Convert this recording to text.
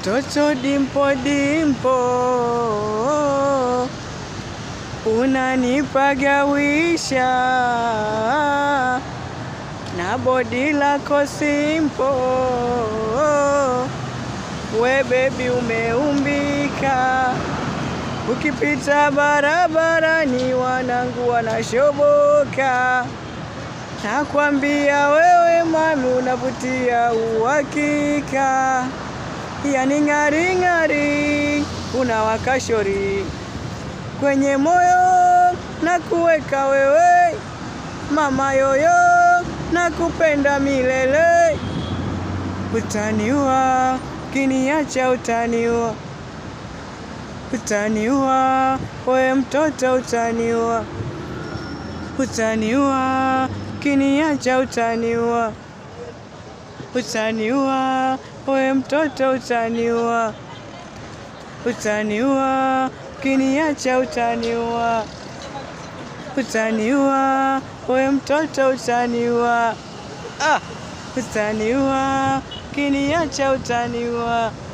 Mtoto dimpo dimpo, unanipagawisha na bodi lako simpo, we bebi umeumbika, ukipita barabarani wanangu wanashoboka. Nakwambia wewe mami, unavutia uhakika ng'ari unawaka shori kwenye moyo na kuweka wewe mama yoyo, na kupenda milele. Utaniua kiniacha, utaniua, utaniua wewe mtoto, utaniua, utaniua kiniacha, utaniua utaniua, we mtoto utaniua, utaniua, ukiniacha utaniua, utaniua, we mtoto utaniua, ah, utaniua, ukiniacha utaniua.